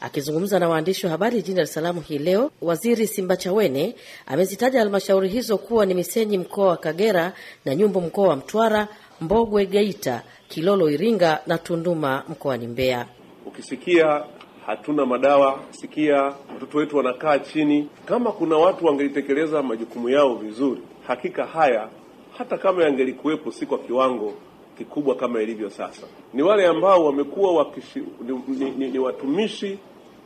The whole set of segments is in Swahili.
Akizungumza na waandishi wa habari jijini Dar es Salaam hii leo, Waziri Simbachawene amezitaja halmashauri hizo kuwa ni Misenyi mkoa wa Kagera na Nyumbu mkoa wa Mtwara, Mbogwe Geita, Kilolo Iringa na Tunduma mkoani Mbeya. Ukisikia hatuna madawa, sikia watoto wetu wanakaa chini, kama kuna watu wangelitekeleza majukumu yao vizuri, hakika haya hata kama yangelikuwepo, si kwa kiwango kikubwa kama ilivyo sasa. Ni wale ambao wamekuwa wakishi, ni, ni, ni, ni watumishi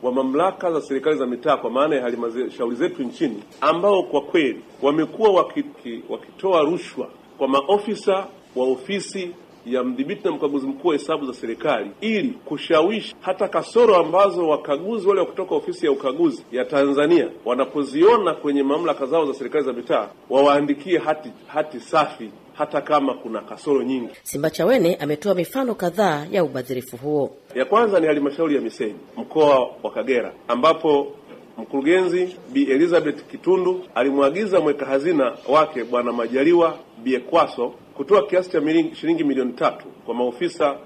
wa mamlaka za serikali za mitaa kwa maana ya halmashauri zetu nchini, ambao kwa kweli wamekuwa wakitoa rushwa kwa maofisa wa ofisi ya mdhibiti na mkaguzi mkuu wa hesabu za serikali ili kushawishi hata kasoro ambazo wakaguzi wale wa kutoka ofisi ya ukaguzi ya Tanzania wanapoziona kwenye mamlaka zao za serikali za mitaa wawaandikie hati, hati safi hata kama kuna kasoro nyingi. Simbachawene ametoa mifano kadhaa ya ubadhirifu huo. Ya kwanza ni halmashauri ya Missenyi mkoa wa Kagera ambapo mkurugenzi Bi Elizabeth Kitundu alimwagiza mweka hazina wake Bwana Majaliwa Biekwaso kutoa kiasi cha shilingi milioni tatu kwa maofisa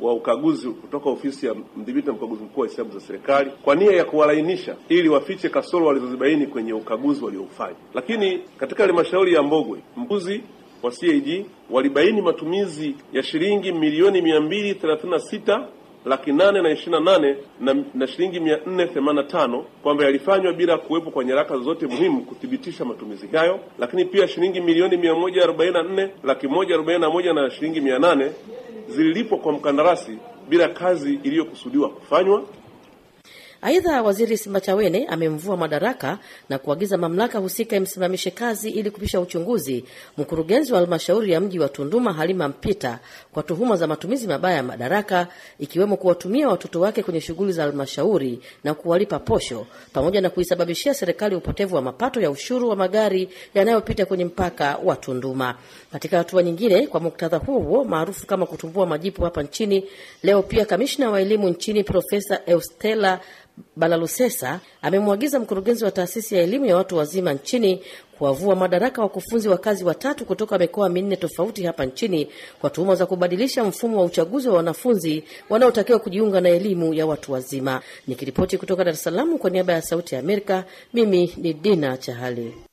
wa ukaguzi kutoka ofisi ya mdhibiti na mkaguzi mkuu wa hesabu za serikali kwa nia ya kuwalainisha ili wafiche kasoro walizozibaini kwenye ukaguzi walioufanya. Lakini katika halmashauri ya Mbogwe, mbuzi wa CAG walibaini matumizi ya shilingi milioni mia mbili thelathini na sita laki nane na ishirini na nane na shilingi mia nne themanini na tano kwamba yalifanywa bila kuwepo kwa nyaraka zote muhimu kuthibitisha matumizi hayo, lakini pia shilingi milioni mia moja arobaini na nne laki moja arobaini na moja na shilingi mia nane zililipwa kwa mkandarasi bila kazi iliyokusudiwa kufanywa. Aidha, waziri Simbachawene amemvua madaraka na kuagiza mamlaka husika imsimamishe kazi ili kupisha uchunguzi mkurugenzi wa halmashauri ya mji wa Tunduma Halima Mpita kwa tuhuma za matumizi mabaya ya madaraka, ikiwemo kuwatumia watoto wake kwenye shughuli za halmashauri na kuwalipa posho, pamoja na kuisababishia serikali upotevu wa mapato ya ushuru wa magari yanayopita kwenye mpaka wa Tunduma. Katika hatua nyingine, kwa muktadha huo huo maarufu kama kutumbua majipu hapa nchini, leo pia kamishna wa elimu nchini Profesa Eustela Balalusesa amemwagiza mkurugenzi wa taasisi ya elimu ya watu wazima nchini kuwavua madaraka wakufunzi wakazi watatu kutoka mikoa minne tofauti hapa nchini kwa tuhuma za kubadilisha mfumo wa uchaguzi wa wanafunzi wanaotakiwa kujiunga na elimu ya watu wazima. Nikiripoti kutoka Dar es Salaam kwa niaba ya Sauti ya Amerika, mimi ni Dina Chahali.